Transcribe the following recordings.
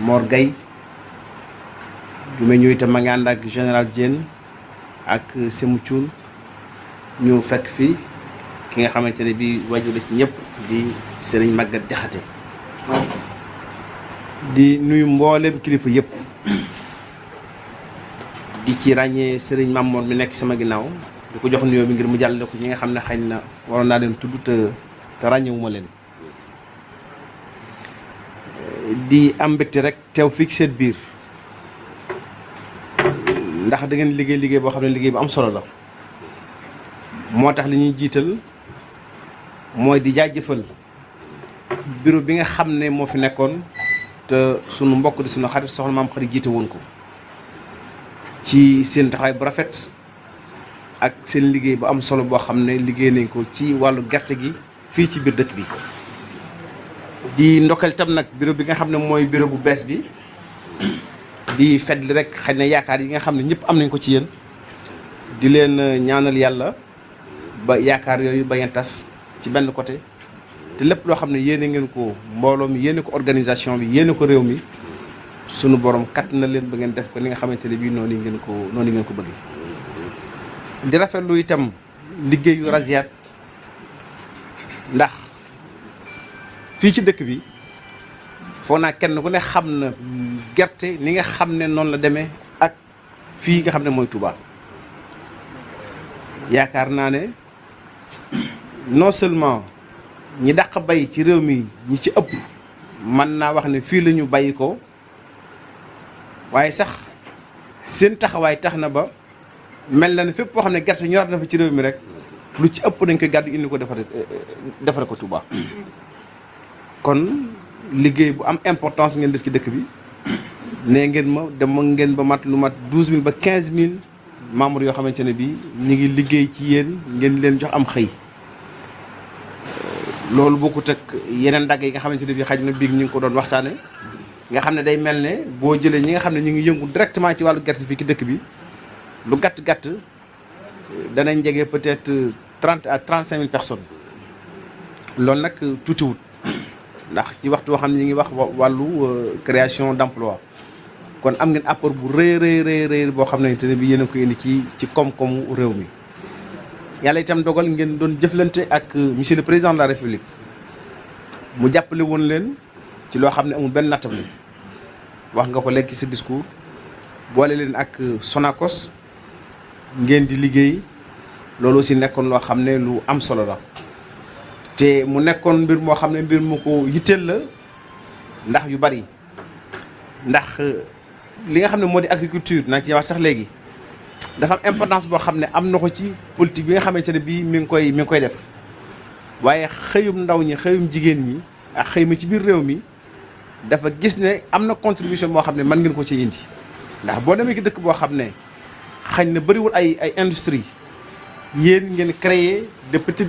Mor gay bu may ñëw itam ma ngi ànd ak général Diène ak Sémou Thioune ñu fekk fi ki nga xamante ne bii waju la ci ñépp di Serigne Maguette Diakhaté di nuyu mboolem kilifa yëpp di ci ràññee seriñ Mamour mi nekk sama ginnaaw di ko jox nuyoo bi ngir mu jàllale ko ñi nga xam ne xëy na waroon naa leen tudd te te ràññewuma leen. di am mbégte rek teew fii ci seen biir ndax dangeen liggéey liggéey boo xam ne liggéey bu am solo la moo tax li ñuy jiital mooy di jaajëfal bureau bi nga xam ne moo fi nekkoon te sunu mbokk di sunu xarit soxna maam xarit jiite woon ko ci seen taxawaay bu rafet ak seen liggéey bu am solo boo xam ne liggéey nañ ko ci wàllu gerte gi fii ci biir dëkk bi di ndokkal tam nag bureau bi nga xam ne mooy bureau bu bees bi di fedd rek xëy na yaakaar yi nga xam ne ñëpp am nañ ko ci yéen di leen euh, ñaanal yàlla ba yaakaar yooyu bañ a tas ci benn côté te lépp loo xam ne yéene ngeen ko mbooloo mi yéene ko organisation bi yéene ko réew mi sunu boroom kat na leen ba ngeen def ko ni nga xamante ne bii noonu ngeen ko noonu ngeen ko bëggee. di rafetlu itam liggéeyu Rasiaat ndax. fii ci dëkk bi foo naa kenn ku ne xam na gerte ni nga xam ne noonu la demee ak fii nga xam ne mooy Touba yaakaar naa ne non seulement ñi dàq bay ci réew mi ñi ci ëpp mën naa wax ne fii la ñu bàyyi ko waaye sax seen taxawaay tax na ba mel na ne fépp foo xam ne gerte ñor na fa ci réew mi rek lu ci ëpp dañ koy gàddu indi ko defare defare ko Touba kon liggéey bu am importance ngeen def ci dëkk bi ne ngeen ma ngeen ba mat ba membres yoo xamante ne bii ñu ngi liggéey ci yéen ngeen leen jox am xëy. loolu bokkut ak yeneen yi nga xamante ne bii xaj na ngi ko doon waxtaane nga xam day nga ngi directement ci wàllu gerte fii ci dëkk bi lu peut-être 30 à 35 000 personnes loolu nag ndax ci waxtu woo xam ne ñu ngi wax wàllu euh, création d'emploi kon am ngeen apport bu rëy rëy boo xam ne te ne bi yéen a ko indi ci ci koom réew mi yàlla itam dogal ngeen doon jëflante ak euh, monsieur le président de la république mu jàppale woon leen ci loo xam ne amul benn nattam la wax nga ko léegi ci sa discours boole leen ak euh, Sonacos ngeen di liggéey loolu aussi nekkoon loo xam ne lu am solo la te mu nekkoon mbir moo xam ne mbir mu ko yitteel la ndax yu bari ndax euh, li nga xam ne moo di agriculture naa ci wax sax léegi dafa am importance boo xam ne am na ko ci politique bi nga xamante ne bii mi ngi koy mi koy def waaye xëyum ndaw ñi xëyum jigéen ñi ak xëy mi ci biir réew mi dafa gis ne am na contribution boo xam ne mën ngeen ko ci indi ndax boo demee ki dëkk boo xam ne xañ na bariwul ay ay industrie yéen ngeen créer de petites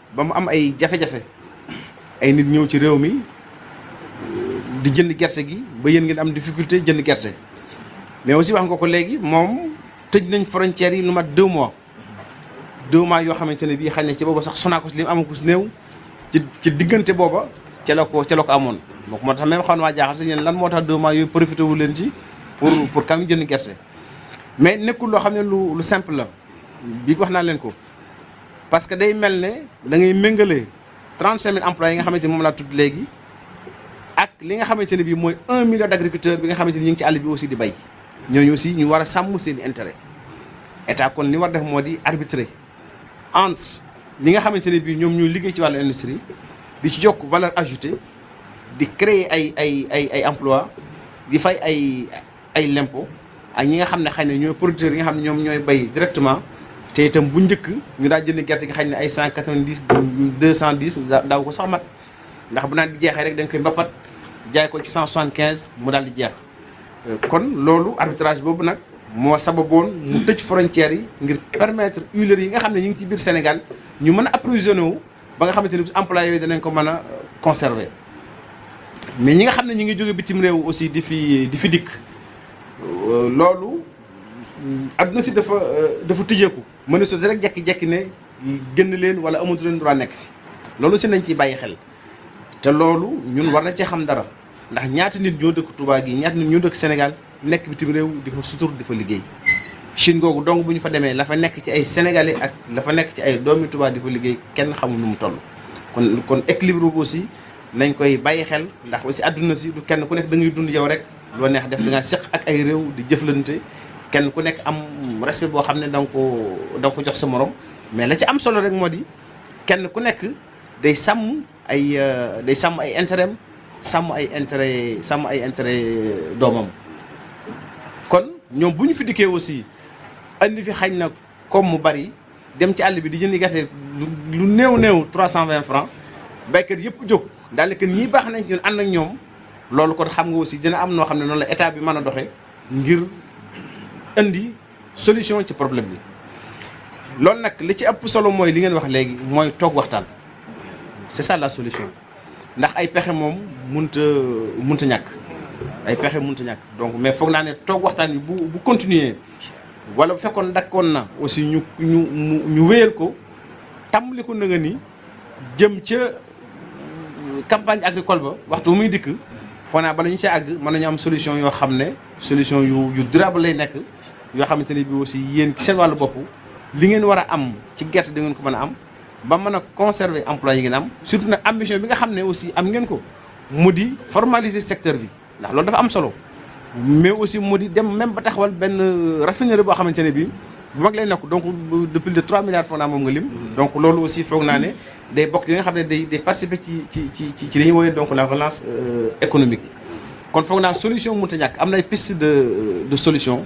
ba mu am ay jafe-jafe ay nit ñëw ci réew mi di jënd gerte gi ba yen ngeen am difficulté jënd gerte mais aussi wax nga ko léegi moom tëj nañ frontières yi lu mat deux mois deux yoo xamante ne bii xëy na ci booba sax Sonacos li mu amagu si néew ci diggante booba ca la ko ca la ko amoon. donc moo tax même xaw na waa jaaxal sax lan moo tax deux mois yooyu wu leen ci pour pour kam jënd gerte mais nekkul loo xam ne lu lu simple la bi wax naa leen ko. parce que day mel ne dangay ngay méngale 35 000 emplois yi nga xamante ni moom laa tudd léegi ak li nga xamante ne bii mooy un million d' agriculteurs bi nga xamante ni ñu ngi ci bi aussi di bay ñooñu aussi ñu war a sàmm seen i intérêt état kon li def moo di arbitrer entre li nga xamante ne bii ñoom ñooy liggéey ci wàllu industrie di ci jokk valeur ajoutée di créer ay ay ay ay emploi di fay ay ay lempo ak ñi nga xam ne xëy na ñooy producteurs yi nga xam ne ñoom ñooy bay directement te itam bu njëkk ñu daal jënd gerte gi xañ na ay cent quatre-vingt-dix deux cent dix daaw ko sax mat ndax bu naan di jeexee rek dañ koy mbapat jaay ko ci cent soixante-quinze mu daal di jeex euh, kon loolu arbitrage boobu nag moo sababoon mu tëj frontières yi ngir permettre huileurs yi nga xam ne ñu ngi ci biir Sénégal ñu mën a approvisionné wu ba nga xamante ni employé yooyu danañ ko mën a euh, conserver mais ñi nga xam ne ñu ngi jóge bitim réew aussi di fi di fi dikk euh, loolu adduna si dafa dafa tëjeeku mënu su rek jekki-jekki ne génn leen wala amatu leen droit nekk fi loolu si nañ ci bàyyi xel te loolu ñun war na cee xam dara ndax ñaata nit ñoo dëkk Touba gi ñaata nit ñoo dëkk Sénégal nekk bitim réew di fa sutur di fa liggéey Chine googu donc bu ñu fa demee la fa nekk ci ay sénégali ak la fa nekk ci ay doomi Touba di fa liggéey kenn xamul nu mu toll kon kon équilibre boobu si nañ koy bàyyi xel ndax aussi àdduna si du kenn ku nekk da ngay dund yow rek loo neex def da ngaa seq ak ay réew di jëflante kenn ku nekk am respect boo xam ne danga ko danga ko jox sa moroom mais la ci am solo rek moo di kenn ku nekk day sàmm ay euh, day sàmm ay intérêt sàmm ay intérêt sàmm ay intérêt doomam kon ñoom bu ñu fi dikkee aussi andi fi xañ na comme mu bari dem ci àll bi di jëndi gerte lu néew néew trois cent vingt francs béykat yëpp jóg daal que ñii baax nañ ñun ànd ak ñoom loolu kon xam nga aussi dina am noo xam ne noonu la état bi mën a doxe ngir indi solution ci problème bi loolu nak li ci ëpp solo moy li ngeen wax léegi moy tok waxtan c'est ça la solution ndax ay pexé mom munta munta ñak ay pexé munta ñak donc mais foog na né tok waxtan bu bu continuer wala fekkon dakkon na aussi ñu ñu ñu ñu wéyal ko tàmbali ko na nga ni jëm ci campagne agricole ba waxtu muy dikk foo naa bala ñu ci ag mën ñu am solution yo xamné solution yu yu durable lay nekk yo xamante ne bi aussi yeen ci sen walu bop li ngeen wara am ci gerte de ngeen ko meuna am ba meuna conserver emploi yi ngeen am surtout na ambition bi nga xam aussi am ngeen ko mu formaliser secteur bi ndax loolu dafa am solo mais aussi mu dem même ba taxawal ben raffinerie bo xamante ne bi bu mag lay nekk donc depuis de 3 milliards foog mom nga lim donc loolu aussi foog naa ne day bokk li nga xam ne day day participer ci ci ci ci li ñuy woowee donc la relance euh, économique kon foog naa solution mënut a ñàkk am na piste de euh, de solution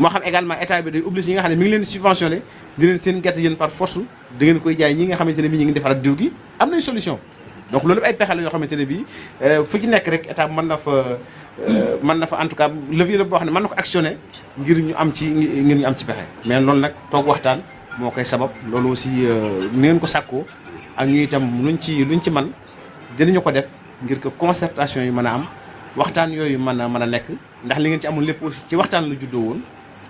moo xam également état bi day obligé ñi nga xam ne mi ngi leen subventionné di leen seen gerte yéen par force da ngeen koy jaay ñi nga xamante ne bii ñu ngi defaraat diw gi am nañ solution donc loolu ay pexe la yoo xamante ne bii euh, fu ci nekk rek état mën na fa euh, mën na fa en tout cas levier la boo xam ne mën na ko actionné ngir ñu am ci ngir ñu am ci pexe mais loolu nag toog waxtaan moo sabab loolu aussi euh, ni ngeen ko sàkkoo ak ñu itam luñ ci luñ ci man dinañu ko def ngir que concertation yi mën a am waxtaan yooyu mën a mën ndax li ngeen ci amul lepp aussi ci waxtan lu juddou won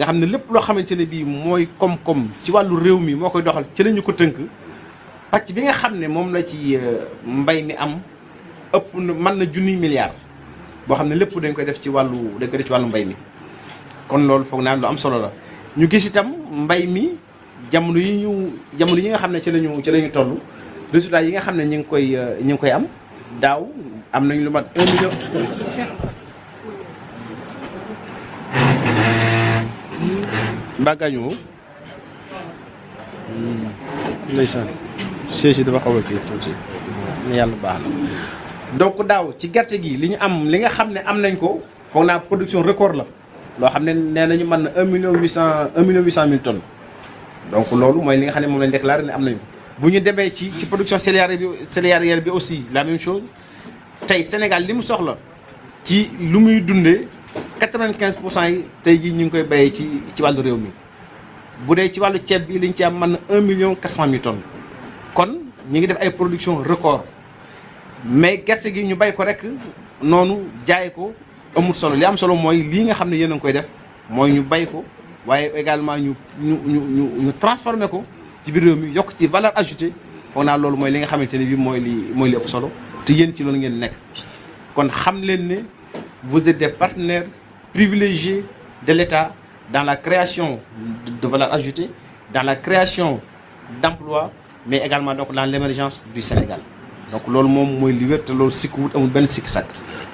nga xam ne lépp loo xamante ne bii mooy koom-koom ci wàllu réew mi moo koy doxal ci lañu ko tënk pàcc bi nga xam ne moom la ci euh, mbay mi am ëpp na mën na junniy milliards boo xam ne lépp dañ koy def ci wàllu dañ koy ci wàllu mbay mi kon loolu foog naa lu am solo la ñu gis itam mbay mi jamono yi ñu jamono yi nga xam ne ci lañu ci lañu toll résultat yi nga xam ne ñu ngi koy euh, ñu ngi koy am daaw am nañu lu mat un million Mbackaño hmm. ndeysaan séesi dafa xaw a kii tuuti yalla baax la donc daw ci gerté gi liñu am li nga xamné am nañ ko foog na production record la lo xamné ne nee nañu mën na un million huit cent million huit cent tonnes donc lolu moy li nga xamné mom moom lañ déclaré ne am nañ bu ñu demee ci ci production céréalière bi céréalière bi aussi la même chose tay Sénégal limu soxla ci lu muy dundé quatre-vingt-quinze pour cent yi tey jii ñu ngi koy bayee ci ci wàllu réew mi bu dee ci wàllu ceeb bi li ci am man na un million quatre cent mille tonnes kon ñu ngi def ay production record mais gerte gi ñu bay ko rek noonu jaay ko amul solo li am solo mooy lii nga xam ne yéen a ngi koy def mooy ñu bay ko waaye également ñu ñu ñu ñu ñu transformé ko ci biir réew mi yokk ci valeur ajoutée foog naa loolu mooy li nga xamante ne bii mooy li mooy li ëpp solo te yéen ci loolu ngeen nekk kon xam leen ne vous êtes des partenaires privilégié de l'État dans la création de valeur ajoutée, dans la création d'emplois, mais également donc dans l'émergence du Sénégal. donc c'est ce mooy li wér te loolu sikk wut amul benn ce sàkk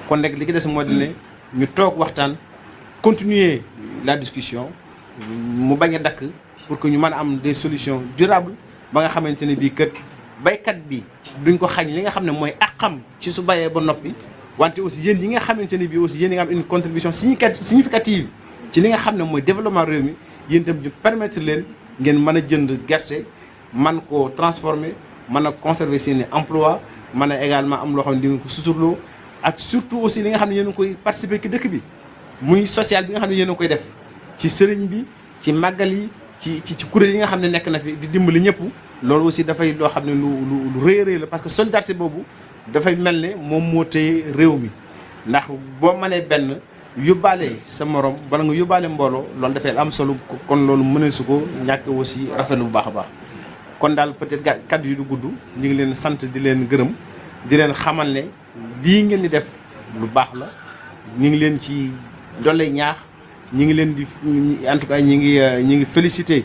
kon continuer la discussion mu pour que nous ayons des solutions durables ba nga nous que bii kët baykat bi duñ ko xañ li nga ci su wante aussi yéen yi nga xamante ne bii aussi yéen nga am une contribution significative ci li nga xam moy développement réew mi yéen itam ñu permettre leen ngeen mën jënd gerté man ko transformer mën a conserver seen emploi mën également am lo xam ne di ko suturloo ak surtout aussi li nga xam ne yéen koy participer ci dëkk bi muy social bi nga xam ne yéen koy def ci sëriñ bi ci màggal yi ci ci kuréel yi nga xam nek na fi di dimbali ñëpp loolu aussi dafay loo xam ne lu lu rëy rëy la parce que solidarité boobu dafay mel ne moom moo téye réew mi ndax boo mënee benn yóbbaale sa morom bala nga yóbbaale mbooloo loolu dafay am solo kon loolu mënee su ko ñàkk aussi rafetlu bu baax a baax kon daal peut-être kàddu yi du gudd ñi ngi leen sant di leen gërëm di leen xamal ne lii ngeen di def lu baax la ñu ngi leen ci dolle ñaax ñu ngi leen di en tout cas ñu ngi euh, ñu ngi félicité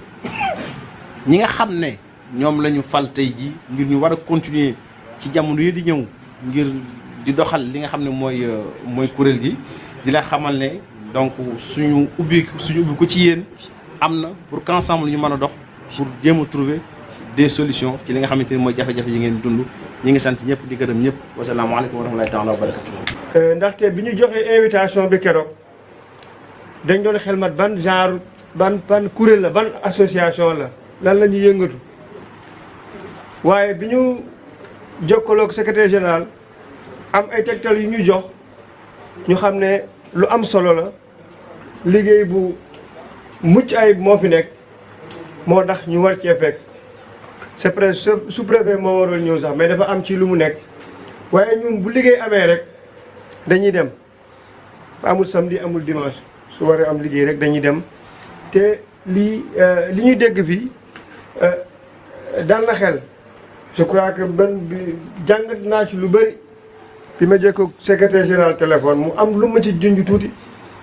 ñi nga xam ne ñoom la ñu fal tey jii ngir ñu war a continuer ci jamono yi di ñew ngir di doxal li nga moy euh, moy gi di la xamal donc suñu ubbi suñu ubbi ko ci yeen amna pour qu'ensemble ñu mëna dox pour bien trouver des solutions ci li nga moy Que vous yi ngeen dund ñi ngi sant ñep di wa alaykum wa rahmatullahi taala wa euh ndax té biñu joxé invitation bi kéro dañ doon xelmat ban genre ban ban la ban association la lan lañu yëngatu waaye bi jokkaloog secretaire général am ay tegtal yu ñu jox ñu xam ne lu am solo la liggéey bu mucc ayib moo fi nekk moo tax ñu war cee fekk c'est presque sous-préfet moo waroon ñëw sax mais dafa am ci lu mu nekk waaye ñun bu liggéey amee rek dañuy dem amul samedi amul dimanche su waree am liggéey rek dañuy dem te lii euh, li ñuy dégg fii euh, dal na xel je crois que benn bi jàngat naa ci lu bëri bi ma jëkk secretaire général téléphone mu am lu ma ci junj tuuti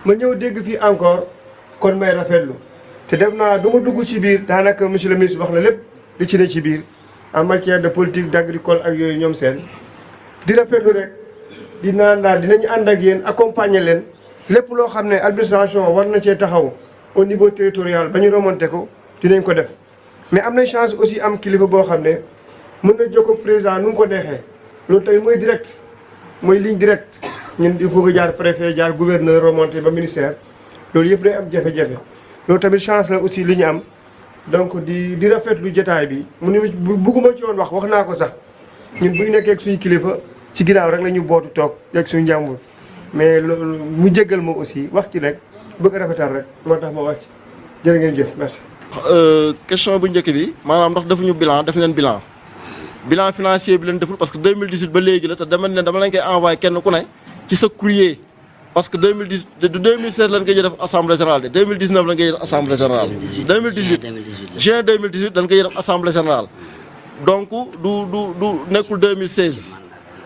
ma ñëw dégg fii encore kon may rafetlu te def naa du ma dugg ci biir daanaka monsieur le si wax na lépp li ci ne ci biir en matière de politique d' ak yooyu ñoom seen di rafetlu rek di naan daal dinañu ànd ak yéen accompagner leen lépp loo xam ne administration war na cee taxaw au niveau territorial ba ñu ko dinañ ko def mais am na chance aussi am kilifa boo xam ne mën na jokkoo président nu mu ko neexee loolu tamit mooy direct mooy ligne direct ñun il faut jaar préfet jaar gouverneur remonté ba ministère loolu yëpp day am jafe-jafe. loolu tamit chance la aussi li ñu am donc di di rafetlu jotaay bi mu ne bugguma ci woon wax wax naa ko sax ñun bu ñu suñu kilifa ci ginnaaw rek la ñu bootu toog ak suñu njàmbur mais loolu mu jéggal ma aussi wax ci nekk bëgg a rafetal rek moo tax ma wax ci jërë ngeen jëf merci. Euh, question bu njëkk bi maanaam ndax defuñu bilan def leen bilan. bilan financier bi len deful parce que 2018 ba légui la te dama len dama len koy envoyer kenn ku ne ci sa courrier parce que 2018 du 2016 lañ koy def assemblée générale de 2019 lañ koy def assemblée générale. 2018 juin 2018 dañ koy def assemblée générale. donc du du du nekul 2016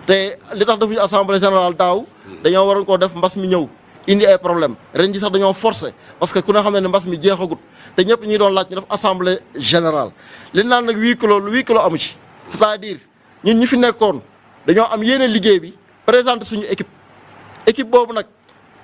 te li tax defuñu assemblée générale taw dañoo waroon ko def mbass mi ñew indi ay problème ren ji sax dañoo forcer parce que ku ne xam ne mi jeexagut te ñepp ñi doon laaj def assemblée générale li nane nak huis clos huis clos amu ci. cest à ñun ñi fi nekkoon dañoo am yeneen liggéey bi présenter suñu équipe équipe boobu nag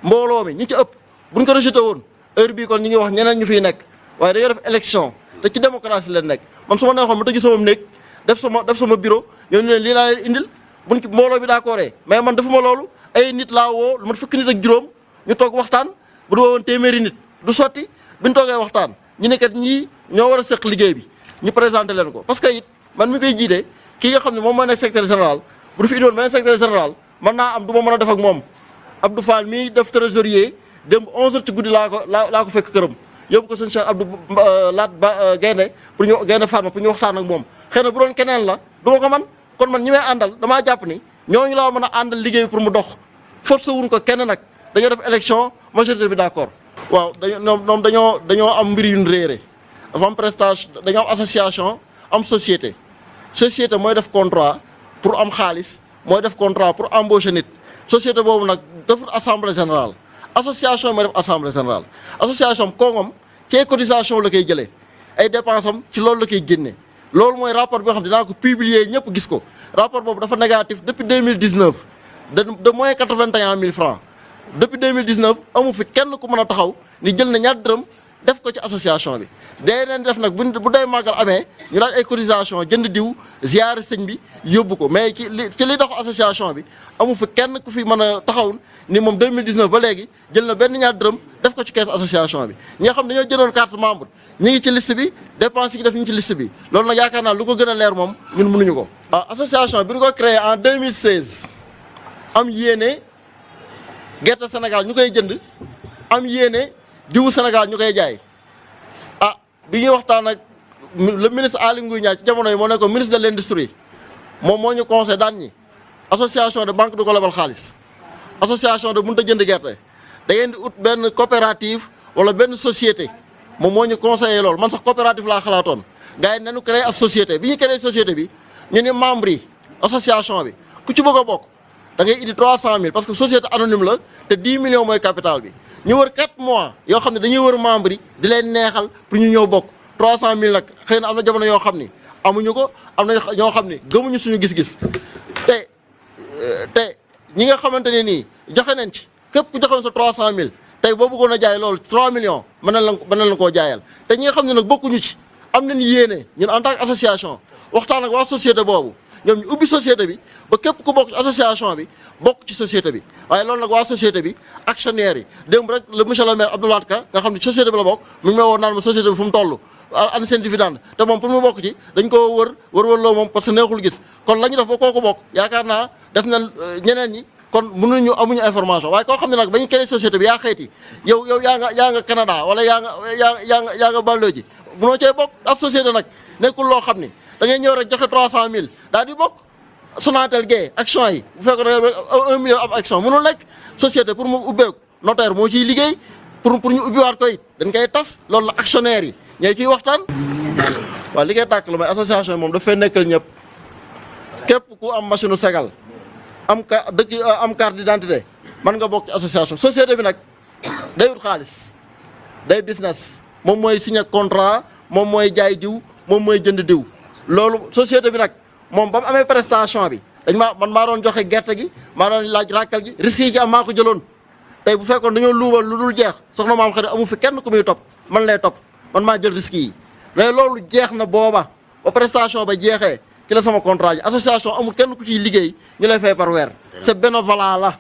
mbooloo mi ñi ci ëpp buñ ko rejeté woon heure bii kon ñi ngi wax ñeneen ñu fiy nekk waaye dañoo def élection te ci démocratie leen nekk man su ma neexoon ma tëju sama néeg def sama def sama bureau ñoo ne leen lii laa leen indil buñ mbooloo mi d'accordé mais man defuma loolu ay nit laa woo lu mat fukki nit ak juróom ñu toog waxtaan bu du woon téeméeri nit du sotti biñ toogee waxtaan ñu ne kat ñii ñoo war a seq liggéey bi ñu présenté leen ko parce que it man mi koy de ki nga xam ne moom moo nekk secrétaire général bu fi indiwoon beneen secrétaire général mën naa am du ma mën a def ak moom Abdou Fall mii def trésorier dem 11h ci guddi laa ko laa laa ko fekk këram yóbbu ko sëñ Cheikh Abdou Laat Ba euh, euh, Gaynde pour ñu Gaynde Fatma pour ñu waxtaan ak moom xëy na bu keneen la du ko man kon man ñi may àndal damaa jàpp ni ñooñu laa mën a àndal liggéey pour mu dox forcé wuñ ko kenn nag dañoo def élection majorité bi d'accord waaw dañoo ñoom dañoo dañoo am mbir yu ñu réere dafa dañoo association am société société moy def contrat pour am xaalis moy def contrat pour embaucher nit société bobu nak def assemblée générale association moy def assemblée générale association Kongom ci cotisation la koy locale ay dépense am ci loolu la koy génnee loolu mooy rapport bi nga xam dina ko publier ñëpp gis ko rapport bobu dafa négatif depuis 2019 de de moins 81 000 francs depuis 2019 amu fi kenn ku mëna taxaw ni jël na ñaar dërëm def ko ci association bi day leen def nag bu bu day màggal amee ñu laaj ay cotisation jënd diw ziyaare sëñ bi yóbbu ko mais ci li ci li dox association bi amu fi kenn ku fi mën a taxaw ni moom 2019 ba léegi jël na benn ñaar dërëm def ko ci caisse association bi ñi xam dañoo jëndoon carte membre ñi ngi ci list bi dépense yi def ñu ngi ci liste bi loolu nag yaakaar naa lu ko gën leer moom ñun mënuñu ko waaw association bi ñu ko créé en 2016 am yéene gerte Sénégal ñu koy jënd am yéene diwu Sénégal ñu koy jaay ah bi ñuy waxtaan ak le ministre Aly ci jamono yi moo nekkoon ministre de l' moom moo ñu conseil daan ñi association de banque du ko lebal xaalis association de mënut a jënd gerte da ngeen di ut benn coopérative wala benn société moom moo ñu conseillé loolu man sax coopérative laa xalaatoon gay yi nañu créé ab société bi ñu créé société bi ñu ni membre yi association bi ku ci bëgg a bokk da ngay indi 300000 parce que société anonyme la te 10 millions mooy capital bi. ñu wër 4 mois yoo xam ne dañuy wër membre yi di leen neexal pour ñu ñëw bokk 300000 nag xëy na am na jamono yoo xam ni amuñu ko am na ñoo xam ni gëmuñu suñu gis-gis te te ñi nga xamante ne nii joxe nañ ci képp ku joxe sa 300000 tey boo bëggoon a jaay loolu 3 millions mën na la mën na koo jaayal te ñi nga xam ne nag bokkuñu ci am nañ yéene ñun en tant que association waxtaan ak waa société boobu. ñoom ñu ubbi société bi ba képp ku bokk ci association bi bokk ci société bi waaye loolu nag waa société bi actionnaire yi démb rek le monsieur le Ka nga xam ne société bi la bokk mu ngi may woon naan ma société bi fu mu toll an seen dividende te moom pour mu bokk ci dañ ko wër wër wër moom parce que neexul gis kon la ñu def ba kooku bokk yaakaar naa def na euh, ñeneen ñi kon mënuñu amuñu information waaye koo xam ne nag ba ñu créé société bi yaa xeeti yow wala yaa nga yaa nga yaa nga yaa nga Baldo ji munoo nekkul loo xam ni da ngay ñëw rek joxe 300000 daal di bok Sonatel gee action yi bu fekk da 1 million am action mënul nekk société pour mu ubbe notaire mo ci liggéey pour pour ñu ubbi war koy dañ koy tass loolu la actionnaire yi ñooy ci waxtan wa li tak lu may association mom da fay nekkal ñep képp ku am machine segal am ka dëkk am carte d'identité man nga bok ci association société bi nak day wut xaalis day business mom moy signé contrat mom moy jaay diw mom moy jënd diw. loolu société bi nag moom ba mu amee prestation bi dañ maa man maa doon joxe gerte gi maa doon laaj ràkkal gi risques yi ci am maa ko jëloon tey bu fekkoon dañoo luubal lu dul jeex soxna maam xëy amu fi kenn ku muy topp man lay topp man maa jël risques yi mais loolu jeex na booba ba prestation ba jeexee ci la sama contrat ji association amu kenn ku ciy liggéey ñu lay fay par weer c'est bénévolat la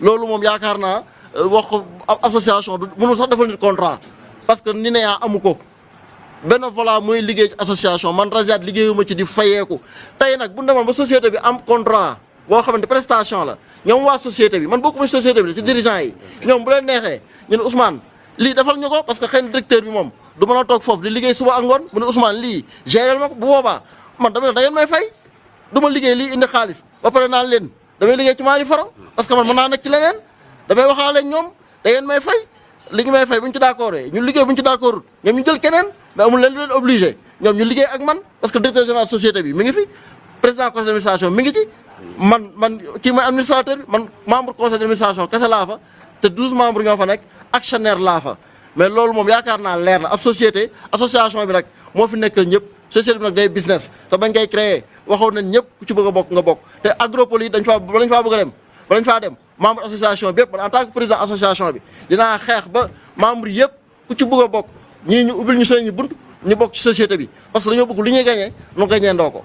loolu moom yaakaar naa euh, wax ko association du mënul sax defal nit contrat parce que ni amu ko benn bénévolat mooy liggéey ci association man Rasiaat liggéeyuma ci di fayeeku tey nag bu demoon ba société bi am contrat boo xamante prestation la ñoom waa société bi man boo ci société bi ci dirigeant yi ñoom bu leen neexee ñu ne Ousmane lii defal ñu ko parce que xëy directeur bi moom du mën a toog foofu di liggéey suba ak ngoon mu ne Ousmane lii gérer ma ko bu boobaa man dama ne may fay du ma liggéey lii indi xaalis ba pare naan leen damay liggéey ci Mali Faro parce que man mën naa nekk ci leneen damay waxaale ñoom da ngeen may fay li ñu may fay bu ñu ci d'accord ñun liggéey bu ñu ci d'accord ñoom ñu jël keneen mais amul leen leen obligé ñoom ñu liggéey ak man parce que directeur général société bi mi ngi fi président conseil d'administration ngi ci man man kii mooy administrateur bi man membre conseil d'administration kese laa fa te douze membres ñoo fa nekk actionnaire laa fa mais loolu moom yaakaar naa leer na ab société association bi nag moo fi nekkal ñëpp société bi nag day business te bañ koy créer waxoon nañ ñëpp ku ci bëgg bokk nga bokk te yi dañ faa balañ a dem faa dem membre association bi yëpp man en tant association bi dinaa xeex ba membre yëpp ku ci bëgg a bokk ñii ñu ubbil ñu seen ñu bunt ñu bokk ci société bi parce que dañoo bëgg li ñuy gañee nu gañee ndoo ko